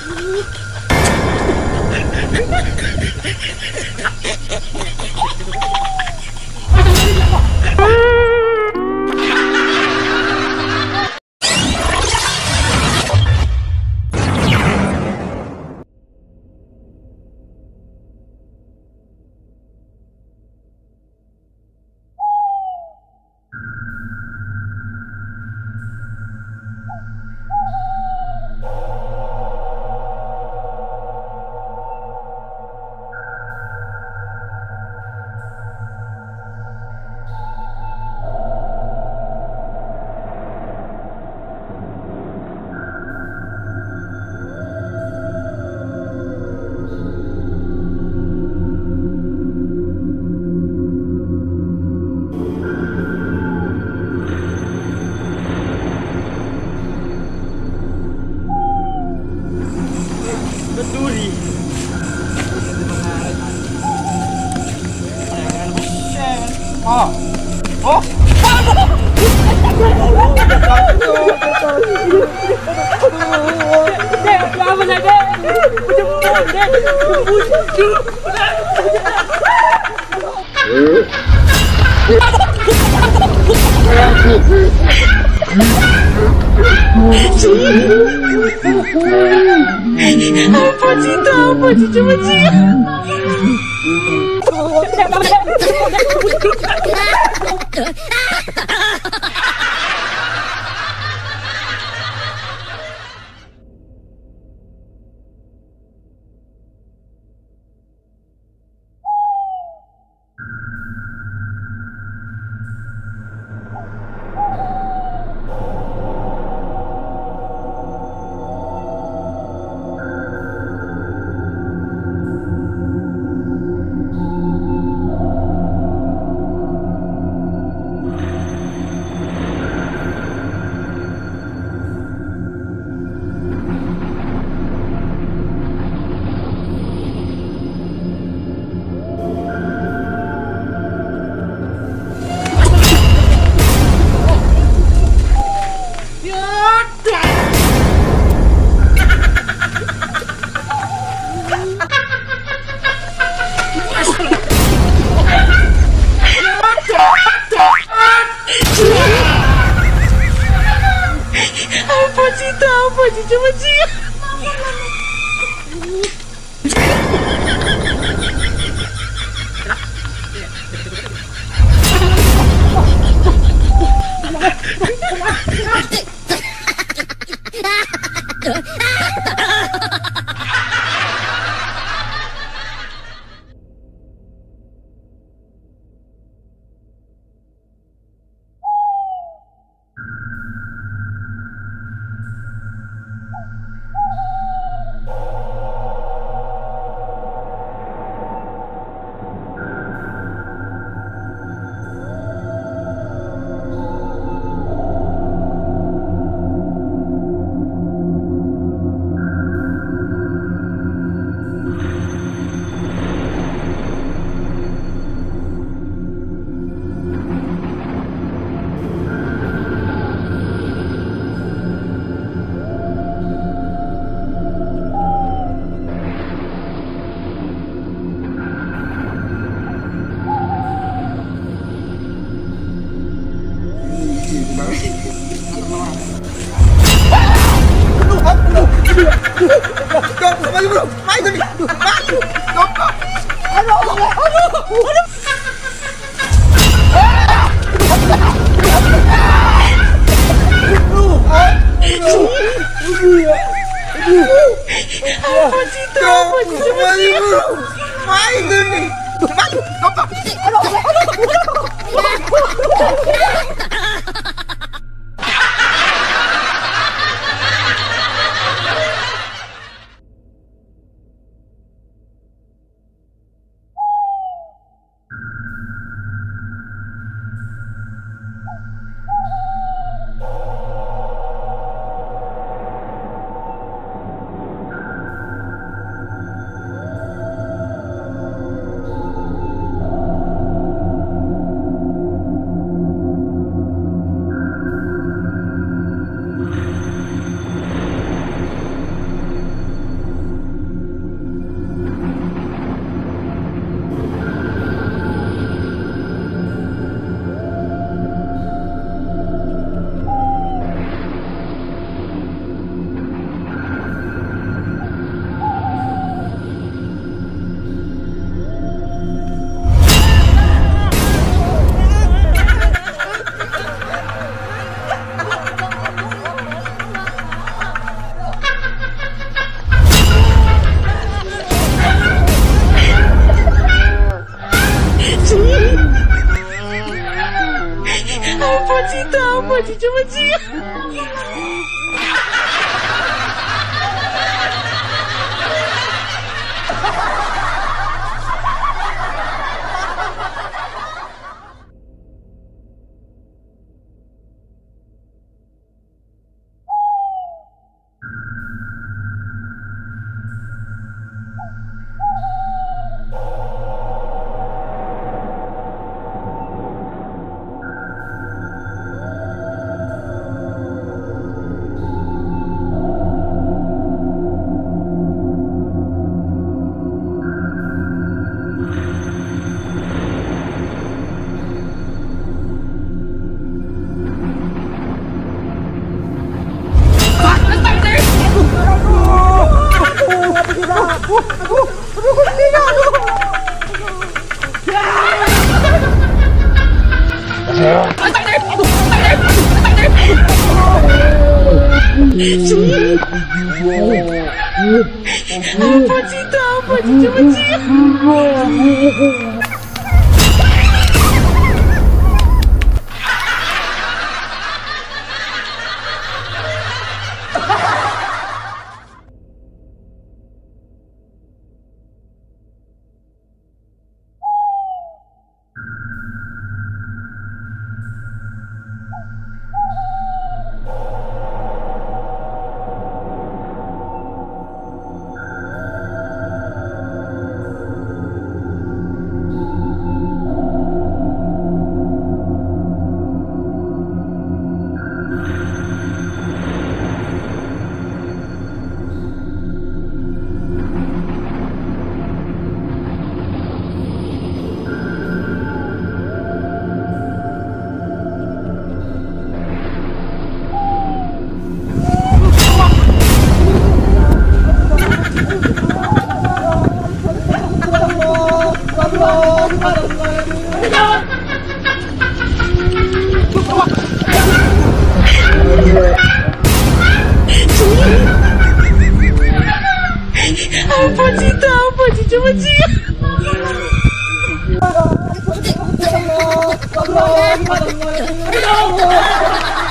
Ah! 아. 어? 아버지도 아버지 좀지 Oh my God. 你这么近。我怎么地了？埋着你，埋，老婆。记得，莫记这么记。救命！我不记得，不记，不记。 아, 바지아 바지 좀 바지.